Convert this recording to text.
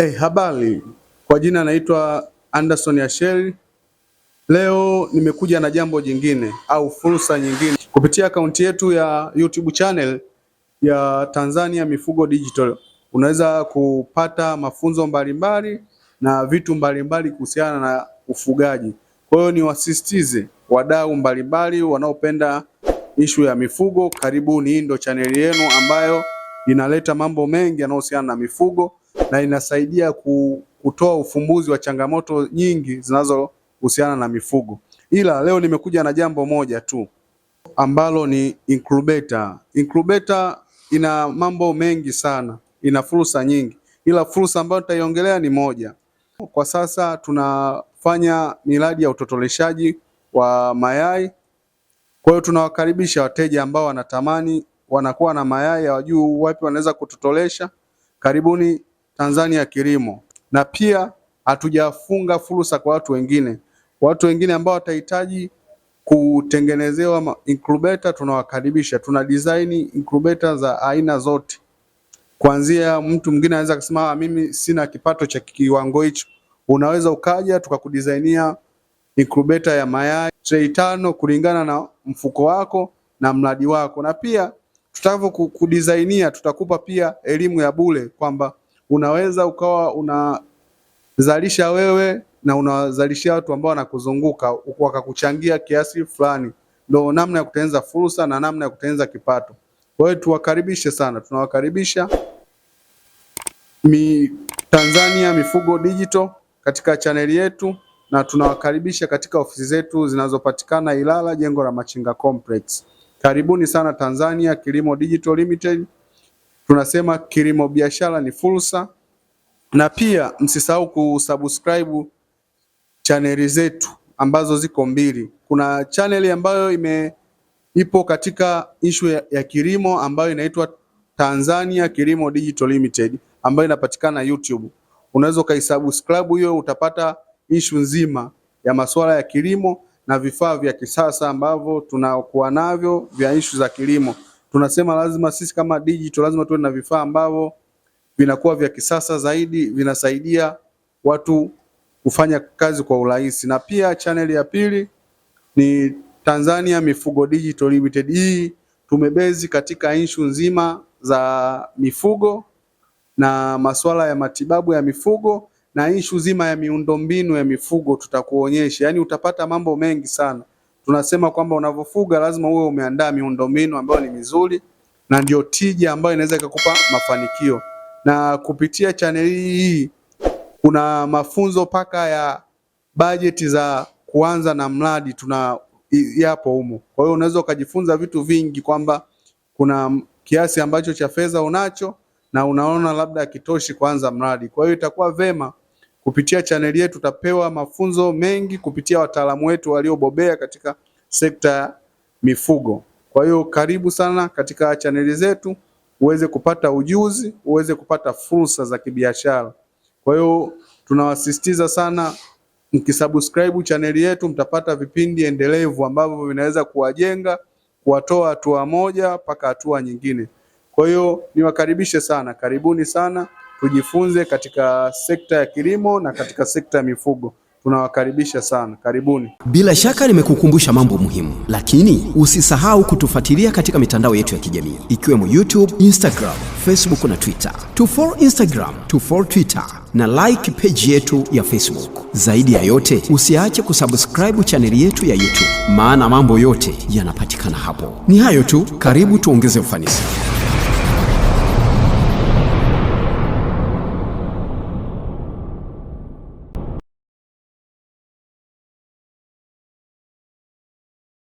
Hey, habari. Kwa jina naitwa Anderson Yashel. Leo nimekuja na jambo jingine au fursa nyingine kupitia akaunti yetu ya YouTube channel ya Tanzania Mifugo Digital. Unaweza kupata mafunzo mbalimbali na vitu mbalimbali kuhusiana na ufugaji. Kwa hiyo niwasisitize wadau mbalimbali wanaopenda ishu ya mifugo, karibuni. Hii ndio chaneli yenu ambayo inaleta mambo mengi yanayohusiana na mifugo na inasaidia kutoa ufumbuzi wa changamoto nyingi zinazohusiana na mifugo. Ila leo nimekuja na jambo moja tu ambalo ni incubator. Incubator ina mambo mengi sana, ina fursa nyingi, ila fursa ambayo nitaiongelea ni moja. Kwa sasa tunafanya miradi ya utotoleshaji wa mayai, kwa hiyo tunawakaribisha wateja ambao wanatamani, wanakuwa na mayai hawajui wapi wanaweza kutotolesha. Karibuni Tanzania kilimo, na pia hatujafunga fursa kwa watu wengine, watu wengine ambao watahitaji kutengenezewa incubator, tunawakaribisha. Tuna design incubator za aina zote, kuanzia mtu mwingine anaweza kusema ah, mimi sina kipato cha kiwango hicho, unaweza ukaja tukakudesignia incubator ya mayai trei tano kulingana na mfuko wako na mradi wako, na pia tutakavyo kudesignia tutakupa pia elimu ya bure kwamba unaweza ukawa unazalisha wewe na unawazalishia watu ambao wanakuzunguka wakakuchangia kiasi fulani. ndo namna ya kutengeneza fursa na namna ya kutengeneza kipato. Kwa hiyo tuwakaribishe sana, tunawakaribisha mi Tanzania Mifugo Digital katika chaneli yetu, na tunawakaribisha katika ofisi zetu zinazopatikana Ilala, jengo la Machinga Complex. Karibuni sana Tanzania Kilimo Digital Limited tunasema kilimo biashara ni fursa, na pia msisahau kusubscribe chaneli zetu ambazo ziko mbili. Kuna chaneli ambayo ime ipo katika ishu ya, ya kilimo ambayo inaitwa Tanzania Kilimo Digital Limited ambayo inapatikana YouTube. Unaweza ukaisubscribe hiyo, utapata ishu nzima ya masuala ya kilimo na vifaa vya kisasa ambavyo tunakuwa navyo vya ishu za kilimo tunasema lazima sisi kama digital lazima tuwe na vifaa ambavyo vinakuwa vya kisasa zaidi, vinasaidia watu kufanya kazi kwa urahisi. Na pia chaneli ya pili ni Tanzania Mifugo Digital Limited. Hii tumebezi katika inshu nzima za mifugo na masuala ya matibabu ya mifugo na inshu nzima ya miundombinu ya mifugo tutakuonyesha, yani utapata mambo mengi sana tunasema kwamba unavyofuga lazima uwe umeandaa miundombinu ambayo ni mizuri, na ndio tija ambayo inaweza ikakupa mafanikio. Na kupitia chaneli hii kuna mafunzo paka ya bajeti za kuanza na mradi tuna yapo humo. Kwa hiyo unaweza ukajifunza vitu vingi, kwamba kuna kiasi ambacho cha fedha unacho na unaona labda kitoshi kuanza mradi. Kwa hiyo itakuwa vema Kupitia chaneli yetu tutapewa mafunzo mengi kupitia wataalamu wetu waliobobea katika sekta ya mifugo. Kwa hiyo karibu sana katika chaneli zetu uweze kupata ujuzi, uweze kupata fursa za kibiashara. Kwa hiyo tunawasisitiza sana, mkisubscribe chaneli yetu mtapata vipindi endelevu ambavyo vinaweza kuwajenga, kuwatoa hatua moja mpaka hatua nyingine. Kwa hiyo niwakaribishe sana, karibuni sana tujifunze katika sekta ya kilimo na katika sekta ya mifugo. Tunawakaribisha sana, karibuni. Bila shaka nimekukumbusha mambo muhimu, lakini usisahau kutufuatilia katika mitandao yetu ya kijamii ikiwemo YouTube, Instagram, Facebook na Twitter. To follow Instagram, to Twitter na like page yetu ya Facebook. Zaidi ya yote, usiache kusubscribe chaneli yetu ya YouTube, maana mambo yote yanapatikana hapo. Ni hayo tu, karibu tuongeze ufanisi.